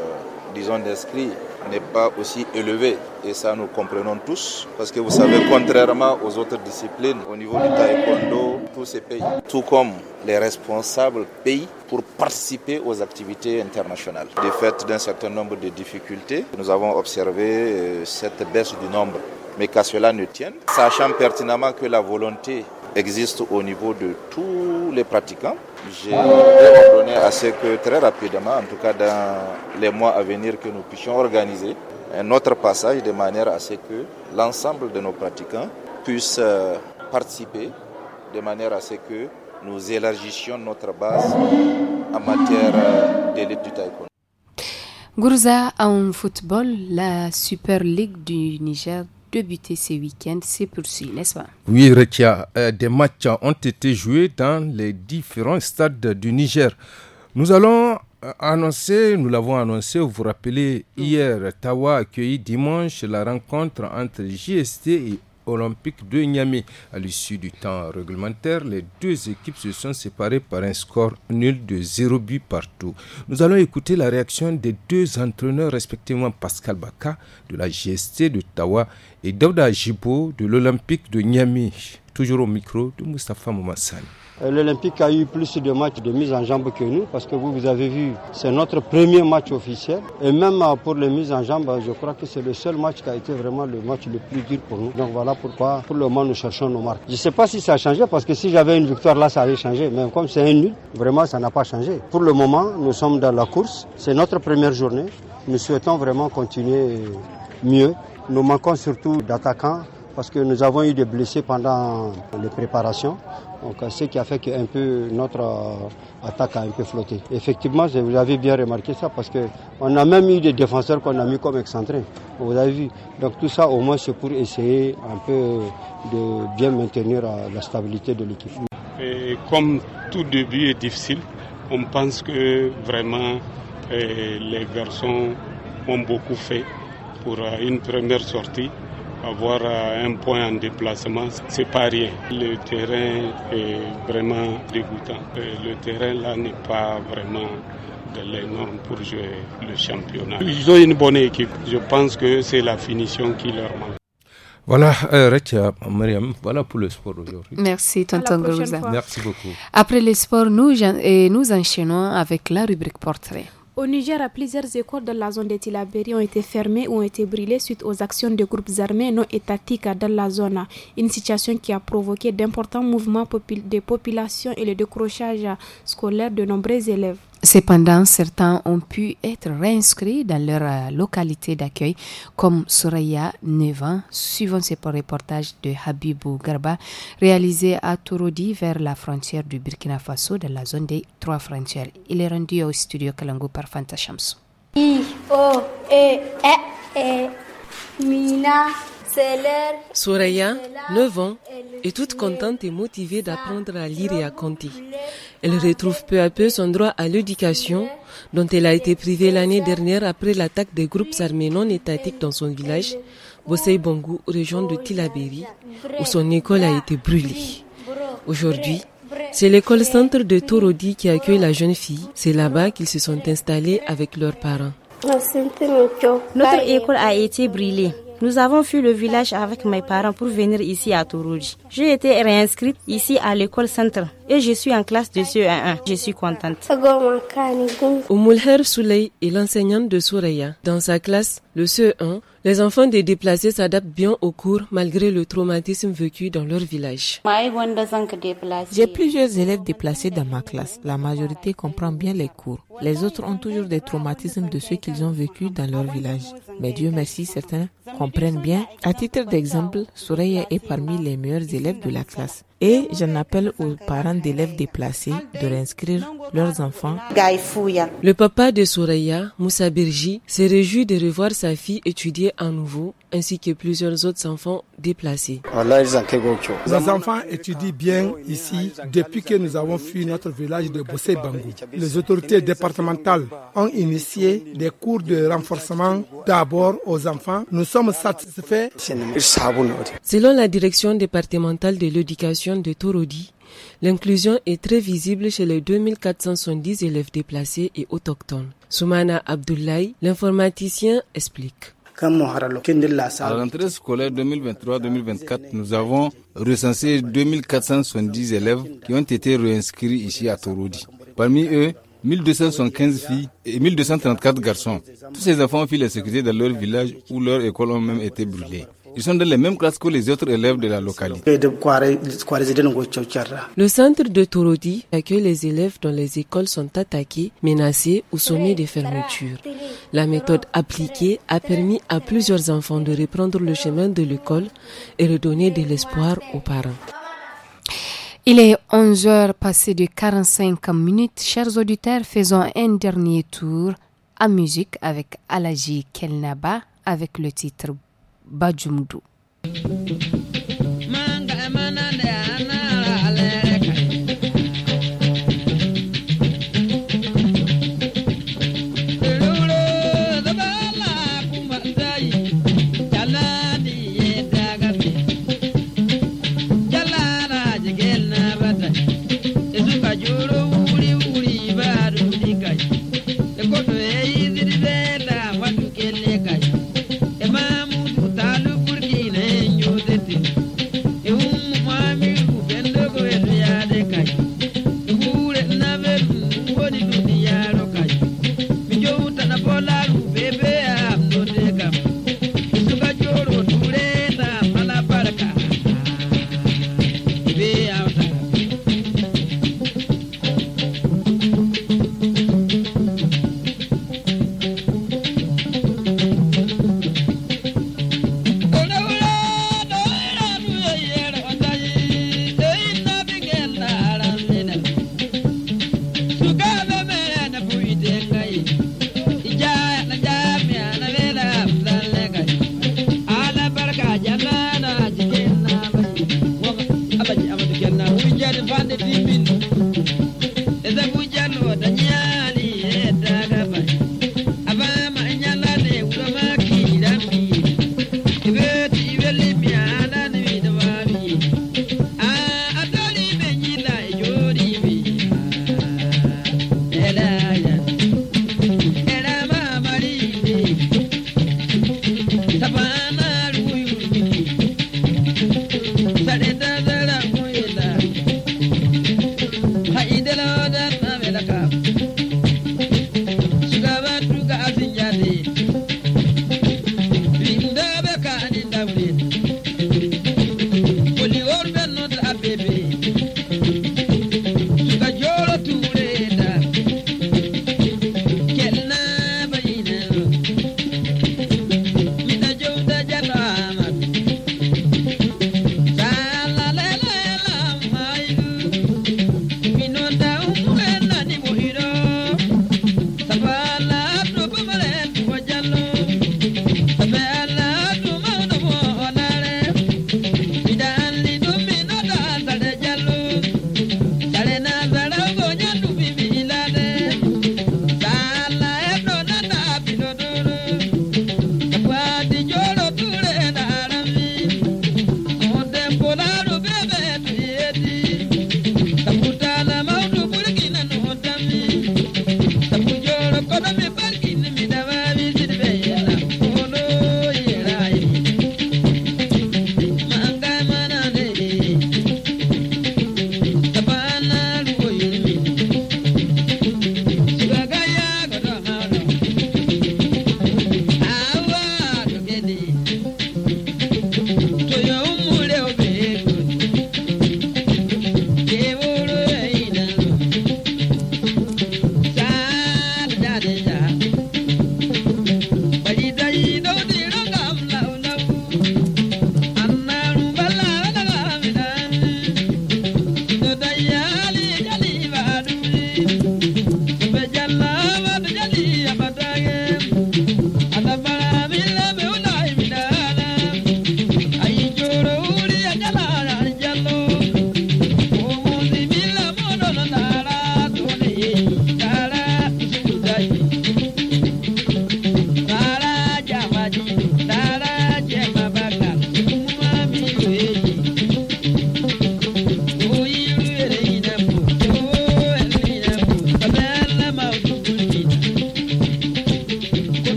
disons, d'inscrits n'est pas aussi élevé. Et ça, nous comprenons tous. Parce que vous savez, contrairement aux autres disciplines, au niveau du taekwondo, tous ces pays, tout comme les responsables pays, pour participer aux activités internationales. de fait d'un certain nombre de difficultés, nous avons observé euh, cette baisse du nombre. Mais qu'à cela ne tienne, sachant pertinemment que la volonté existe au niveau de tous les pratiquants. J'ai ordonné à ce que très rapidement, en tout cas dans les mois à venir, que nous puissions organiser un autre passage de manière à ce que l'ensemble de nos pratiquants puissent euh, participer, de manière à ce que nous élargissions notre base en matière euh, d'élite du taekwondo. Gourza en football, la Super League du Niger de buter ce week-end pour ça, n'est-ce pas Oui, Rekia, euh, des matchs ont été joués dans les différents stades du Niger. Nous allons euh, annoncer, nous l'avons annoncé, vous vous rappelez, hier, Tawa a accueilli dimanche la rencontre entre JST et olympique de Niamey. À l'issue du temps réglementaire, les deux équipes se sont séparées par un score nul de 0 but partout. Nous allons écouter la réaction des deux entraîneurs respectivement Pascal Baka de la GST de Tawa et Dauda Jibo de l'Olympique de Niamey. Toujours au micro de Mustafa Momassani. Euh, L'Olympique a eu plus de matchs de mise en jambe que nous parce que vous, vous avez vu, c'est notre premier match officiel. Et même euh, pour les mises en jambe, je crois que c'est le seul match qui a été vraiment le match le plus dur pour nous. Donc voilà pourquoi pour le moment nous cherchons nos marques. Je ne sais pas si ça a changé parce que si j'avais une victoire là, ça allait changer. Mais comme c'est un nul, vraiment ça n'a pas changé. Pour le moment, nous sommes dans la course. C'est notre première journée. Nous souhaitons vraiment continuer mieux. Nous manquons surtout d'attaquants parce que nous avons eu des blessés pendant les préparations. Donc, euh, ce qui a fait que peu notre euh, attaque a un peu flotté. Effectivement, vous avez bien remarqué ça parce que on a même eu des défenseurs qu'on a mis comme excentrés. Vous avez vu. Donc tout ça, au moins, c'est pour essayer un peu de bien maintenir euh, la stabilité de l'équipe. comme tout début est difficile, on pense que vraiment les garçons ont beaucoup fait pour une première sortie avoir euh, un point en déplacement, c'est pas rien. Le terrain est vraiment dégoûtant. Euh, le terrain là n'est pas vraiment de l'énorme pour jouer le championnat. Ils ont une bonne équipe. Je pense que c'est la finition qui leur manque. Voilà, euh, Mariam, voilà pour le sport aujourd'hui. Merci, Tonton Merci beaucoup. Après le sport, nous, nous enchaînons avec la rubrique portrait. Au Niger, plusieurs écoles dans la zone de Tilaberi ont été fermées ou ont été brûlées suite aux actions de groupes armés non étatiques dans la zone. Une situation qui a provoqué d'importants mouvements de population et le décrochage scolaire de nombreux élèves. Cependant, certains ont pu être réinscrits dans leur euh, localité d'accueil, comme Soraya, Nevan, suivant ce reportage de Habibou Garba, réalisé à Touroudi, vers la frontière du Burkina Faso, dans la zone des trois frontières. Il est rendu au studio Kalango par Fanta Shams. E, e, e, Soraya, 9 ans, est toute contente et motivée d'apprendre à lire et à compter. Elle retrouve peu à peu son droit à l'éducation, dont elle a été privée l'année dernière après l'attaque des groupes armés non étatiques dans son village, Bosei Bongo, région de Tilaberi, où son école a été brûlée. Aujourd'hui, c'est l'école centre de Torodi qui accueille la jeune fille. C'est là-bas qu'ils se sont installés avec leurs parents. Notre école a été brûlée. Nous avons fui le village avec mes parents pour venir ici à Tourouji. J'ai été réinscrite ici à l'école centre et je suis en classe de CE1. Je suis contente. Oumulher Souley est l'enseignante de Soureya. Dans sa classe, le CE1, les enfants des déplacés s'adaptent bien aux cours malgré le traumatisme vécu dans leur village. J'ai plusieurs élèves déplacés dans ma classe. La majorité comprend bien les cours. Les autres ont toujours des traumatismes de ce qu'ils ont vécu dans leur village. Mais Dieu merci, certains comprennent bien. À titre d'exemple, Soraya est parmi les meilleurs élèves de la classe. Et j'en appelle aux parents d'élèves déplacés de réinscrire leurs enfants. Le papa de Souraya, Moussa Birji, se réjouit de revoir sa fille étudier à nouveau, ainsi que plusieurs autres enfants déplacés. Nos enfants étudient bien ici depuis que nous avons fui notre village de Bossé Bangou. Les autorités départementales ont initié des cours de renforcement d'abord aux enfants. Nous sommes satisfaits. Selon la direction départementale de l'éducation, de Torodi, l'inclusion est très visible chez les 2470 élèves déplacés et autochtones. Soumana Abdoulaye, l'informaticien, explique. À l'entrée scolaire 2023-2024, nous avons recensé 2470 élèves qui ont été réinscrits ici à Torodi. Parmi eux, 1275 filles et 1234 garçons. Tous ces enfants ont fait la sécurité dans leur village où leur école ont même été brûlée. Ils sont dans les mêmes classe que les autres élèves de la localité. Le centre de Torodi accueille les élèves dont les écoles sont attaquées, menacées ou sommées de fermeture. La méthode appliquée a permis à plusieurs enfants de reprendre le chemin de l'école et de donner de l'espoir aux parents. Il est 11 heures passées de 45 minutes. Chers auditeurs, faisons un dernier tour à musique avec Alaji Kelnaba avec le titre Bajumdu.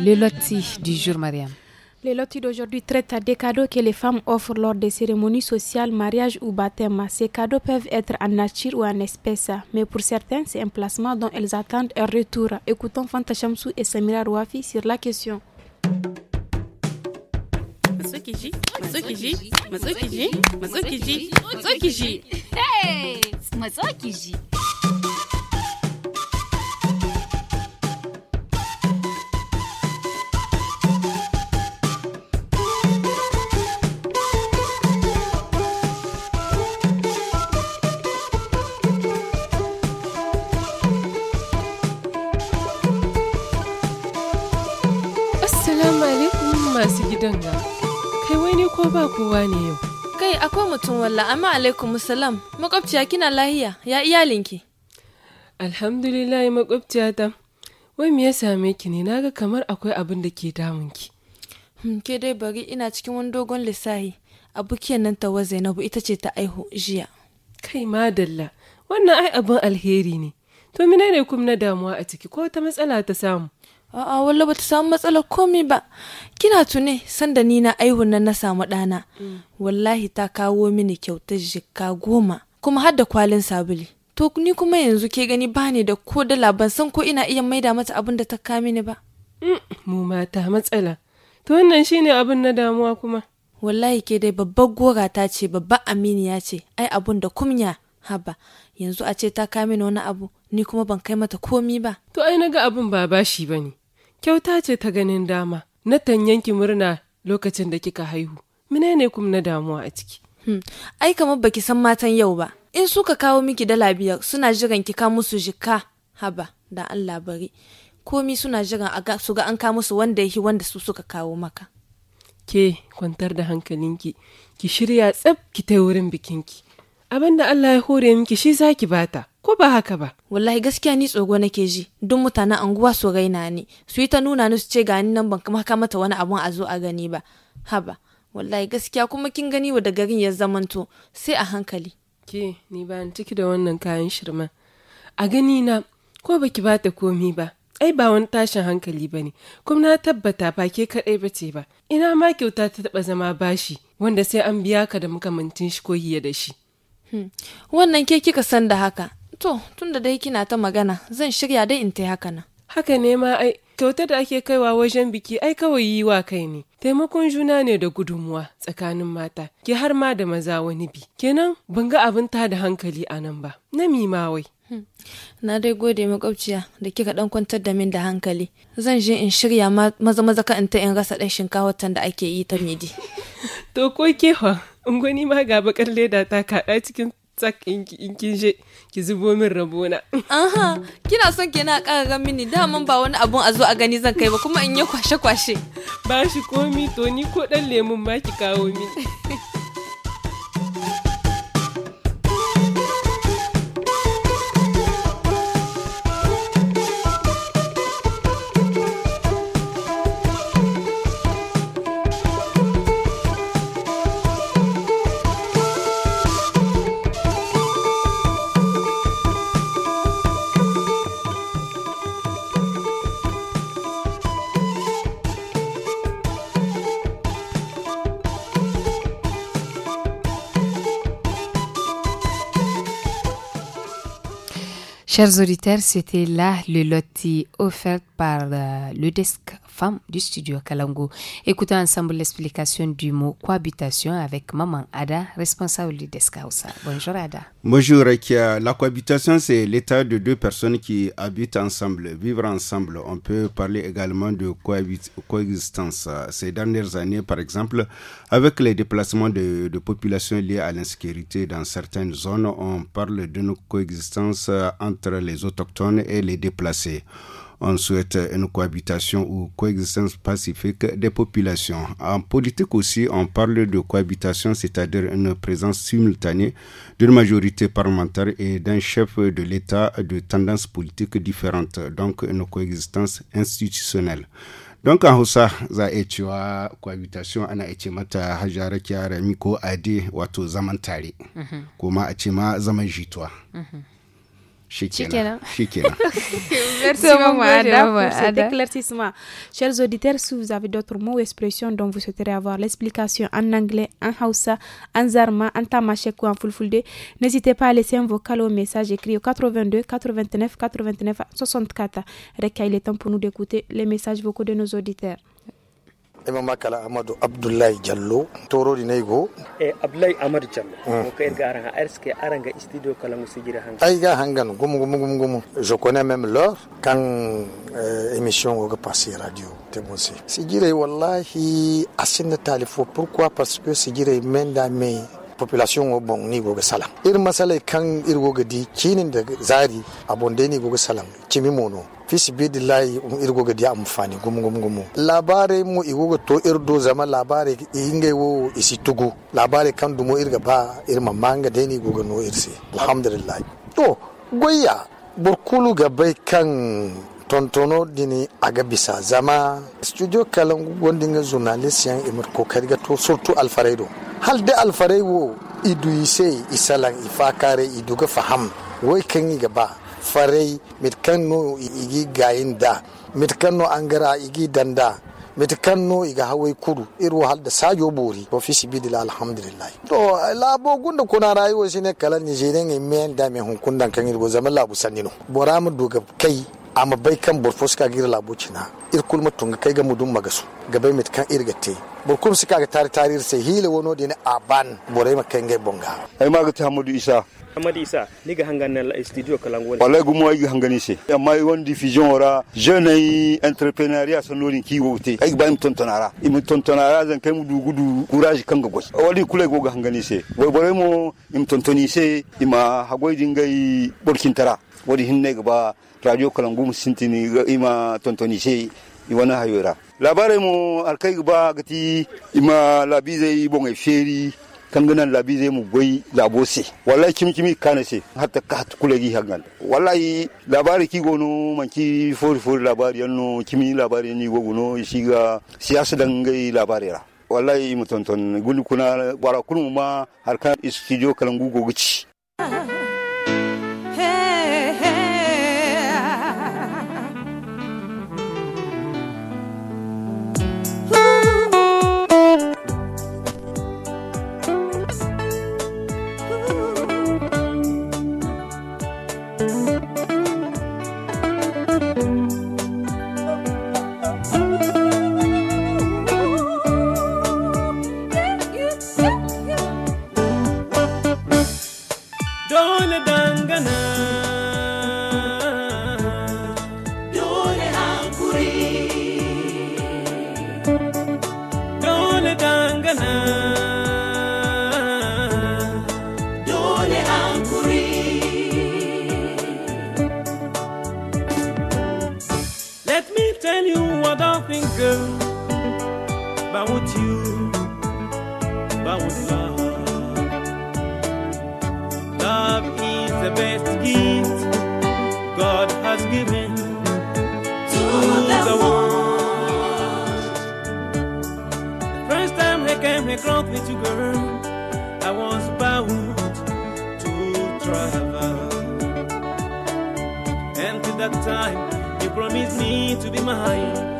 Les lotis du jour, Mariam. les lotis d'aujourd'hui traite des cadeaux que les femmes offrent lors des cérémonies sociales, mariage ou baptême. Ces cadeaux peuvent être en nature ou en espèce, mais pour certains, c'est un placement dont elles attendent un retour. Écoutons Fanta Chamsou et Samira Rouafi sur la question. gidan ga. Kai wai ne ko ba kowa ne yau. Kai akwai mutum walla amma alaikum salam. Makwabciya kina lahiya ya ki Alhamdulillah makwabciya ta. Wai me ya same ki ne naga kamar akwai abin da ke ki Hmm, ke dai bari ina cikin wani dogon lissahi. Abukiyar nan tawa Zainabu ita ce ta aihu jiya. Kai madalla, wannan ai abin alheri ne. To menene kuma na damuwa a ciki ko wata matsala ta samu? a'a wallah bata samu matsalar komi ba kina tune sanda ni na aihun nan na samu ɗana mm. wallahi ta kawo mini kyautar jikka goma kuma har da kwalin sabuli to ni kuma yanzu ke gani ba ni da ko dala ban san ko ina iya maida mata abin da ta ka mini ba mm. mu mata matsala to wannan shine abin na damuwa kuma wallahi ke dai babbar gora ta ce babbar aminiya ce ai abun da kumya haba yanzu a ce ta kame wani abu ni kuma ban kai mata komi ba to ai naga abun ba bashi bane kyauta ce ta ganin dama natan yanki murna lokacin da kika haihu menene kuma na damuwa a ciki hmm. ai kamar baki san matan yau ba in suka kawo miki dala biyar suna jiran ki ka musu jika haba da Allah bari komi suna jiran a su ga an ka musu wanda yahi wanda su suka kawo maka ke kwantar da hankalinki ki shirya tsab ki ta wurin bikinki abinda Allah ya hore miki shi zaki bata ko ba haka ba wallahi gaskiya ni tsogo nake ji duk mutanen anguwa so gaina ni su yi ta nuna ni su ce gani nan ban maka mata wani abun a zo a gani ba haba wallahi gaskiya kuma kin gani wa da garin ya zamanto sai a hankali ke ni ba ciki da wannan kayan shirma. a gani na ko baki ba ta komi ba ai ba wani tashin hankali ba ne kuma na tabbata ba ke kaɗai ba ce ba ina ma kyauta ta taɓa zama bashi wanda sai an biya ka da muka makamantin shi ko hiya da shi hmm. wannan ke kika san da haka To, tun da dai kina ta magana, zan shirya dai in ta haka nan. Haka ne ma ai, kyautar da ake kaiwa wajen biki ai kawai yi wa kai ne. Taimakon juna ne da gudunmuwa tsakanin mata, ke har ma da maza wani bi. Kenan ban ga abin ta da hankali a nan ba, na mima wai. Hmm. Na dai gode makwabciya da kika dan kwantar da min da hankali. Zan je in shirya maza maza ka in ta in rasa dan shinkawa da ake yi ta midi. to ko ke fa, ungwani ma ga bakar leda ta kaɗa cikin tsak in kin je ki zubo min rabona. Aha, kina son kina ƙara ga mini daman ba wani abun a zo a gani zan kai ba kuma in yi kwashe-kwashe. Ba shi komi to ni ko ɗan lemun ma ki kawo mini. Chers auditeurs, c'était là le loti offert par euh, le desk Femme du studio Kalango. Écoutons ensemble l'explication du mot cohabitation avec Maman Ada, responsable du Desk Bonjour Ada. Bonjour Rekia. La cohabitation, c'est l'état de deux personnes qui habitent ensemble, vivre ensemble. On peut parler également de coexistence. Ces dernières années, par exemple, avec les déplacements de, populations liées à l'insécurité dans certaines zones, on parle nos coexistence entre les autochtones et les déplacés. On souhaite une cohabitation ou coexistence pacifique des populations. En politique aussi, on parle de cohabitation, c'est-à-dire une présence simultanée d'une majorité parlementaire et d'un chef de l'État de tendances politiques différentes, donc une coexistence institutionnelle. Donc en hausa za e a cohabitation ana iya e mata ko ade wato zaman mhm. kuma Shikena. Merci beaucoup, hein, Adam, pour Chers auditeurs, si vous avez d'autres mots ou expressions dont vous souhaiterez avoir l'explication en anglais, en hausa, en zarma, en tamashek ou en fulfulde, n'hésitez pas à laisser un vocal au message écrit au 82 89 89 64. Reka, il est temps pour nous d'écouter les messages vocaux de nos auditeurs imam makala amadu abdullahi jallo torodi nay go e abdullahi amadu jallo mm. ko erga aranga erske aranga studio kala musigira hanga ay ga hangan gum gum gum gum je connais même leur quand euh, émission go passer radio te bonsi sigire wallahi asinda talifo pourquoi parce que sigire menda me population o bon ni goga salam ir masala kan ir goga di kinin da zari abonde ni goga salam kimi mono fisi bidillahi um ir goga di amfani gum gum gum labare mu i goga to ir do zama labare inge wo isi tugu labare kan dumo irga ba ir mamanga de ni goga no irse alhamdulillah to goya. burkulu gabai kan tontono dini aga bisa zama studio kalan gondinga journalist yan imur ko ga to surtout alfarai halde hal da wo idu ise isalan ifakare idu ga faham wai kan yi gaba farai mitkan no igi gayin da mitkan no angara igi danda mitikanno iga hawai kudu iru hal da sajo bori to fi sibidila alhamdulillah to labo gunda kuna rayuwa shine kala jiren men da me hunkundan kan irgo zaman labu sanino boramu doga kai ama bay kan borfos ka gira labo cina ir kulma tunga kai ga mudun magasu gabe mit kan irga te borkum sika ga tari tari sai hile wono dine aban borai makan ga bonga ai maga ta hamudu isa Amadi Isa ni ga hangan na studio kalango ne wallahi gumo ai hangani se amma i won diffusion ora jeune entrepreneuria son norin ki wote ai ba im tontonara im tontonara zan kai mu dugu du courage kan ga gos wali kule go ga hangani se wai borai mo im tontoni se ima hagoi dingai borkin tara wadi hinne ga ba radio kalangum sintini ima tontoni sei iwana hayora labare mo arkai ba gati ima labize bonga feri kanganan labize mu goyi labose. wallahi kimkimi kana se hatta ka hat gi hagan wallahi labari ki gono manki for for labari yanno kimi labari ni gogono shiga siyasa dangai labari ra wallahi mu tonton gulu kuna bara kunu ma harkan studio kalangu gogici girl, want you, want love. Love is the best gift God has given to, the, world. The first time I came across with you, girl, I was bound to travel. And to that time, you promised me to be mine.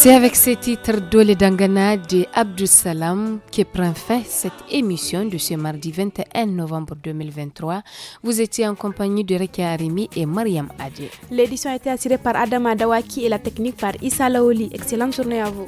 C'est avec ce titre Dole Dangana de Abdus Salam que prend fin cette émission de ce mardi 21 novembre 2023. Vous étiez en compagnie de Rekia Arimi et Mariam Adje. L'édition a été assurée par Adam Adawaki et la technique par Issa Excellente journée à vous.